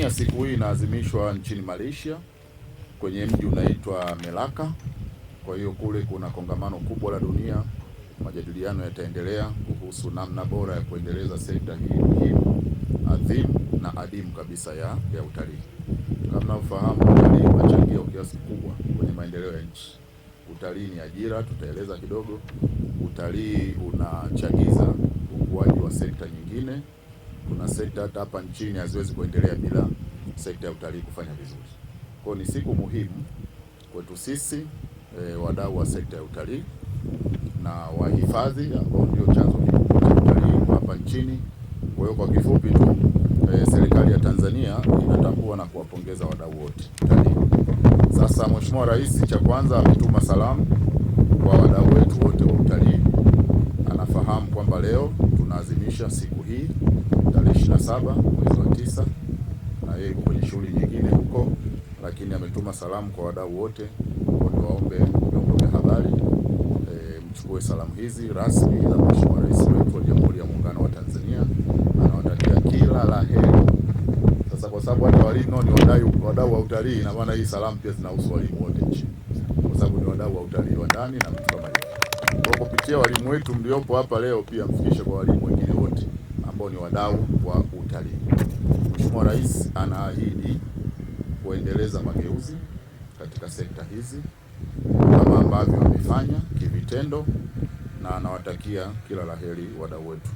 Tanzania siku hii inaadhimishwa nchini Malaysia kwenye mji unaitwa Melaka. Kwa hiyo kule kuna kongamano kubwa la dunia, majadiliano yataendelea kuhusu namna bora ya kuendeleza sekta hii muhimu adhimu na adimu kabisa ya, ya utalii. Kama mnavyofahamu, utalii unachangia kiasi kikubwa kwenye maendeleo ya nchi. Utalii ni ajira, tutaeleza kidogo. Utalii unachagiza ukuaji wa sekta nyingine kuna sekta hata hapa nchini haziwezi kuendelea bila sekta ya utalii kufanya vizuri. Kwa ni siku muhimu kwetu sisi e, wadau wa sekta ya utalii na wahifadhi ambao ndio chanzo kikubwa cha utalii hapa nchini. Kwa hiyo kwa kifupi tu e, serikali ya Tanzania inatambua na kuwapongeza wadau wote utalii. Sasa Mheshimiwa Rais, cha kwanza ametuma salamu kwa wadau wetu wote wa utalii. kuadhimisha siku hii tarehe 27 mwezi wa tisa, na yeye yuko kwenye shughuli nyingine huko, lakini ametuma salamu kwa wadau wote. Niwaombe vyombo vya habari e, mchukue salamu hizi rasmi za Mheshimiwa Rais wetu wa Jamhuri ya Muungano wa Tanzania. Anawatakia kila la heri. Sasa kwa sababu hata walimu ni wadau wa utalii, na maana hii salamu pia zinahusu walimu wote nchini, kwa sababu ni wadau wa utalii wa ndani na mtu kama pia walimu wetu mliopo hapa leo pia mfikishe kwa walimu wengine wote ambao ni wadau wa utalii. Mheshimiwa Rais anaahidi kuendeleza mageuzi katika sekta hizi kama ambavyo amefanya kivitendo, na anawatakia kila la heri wadau wetu.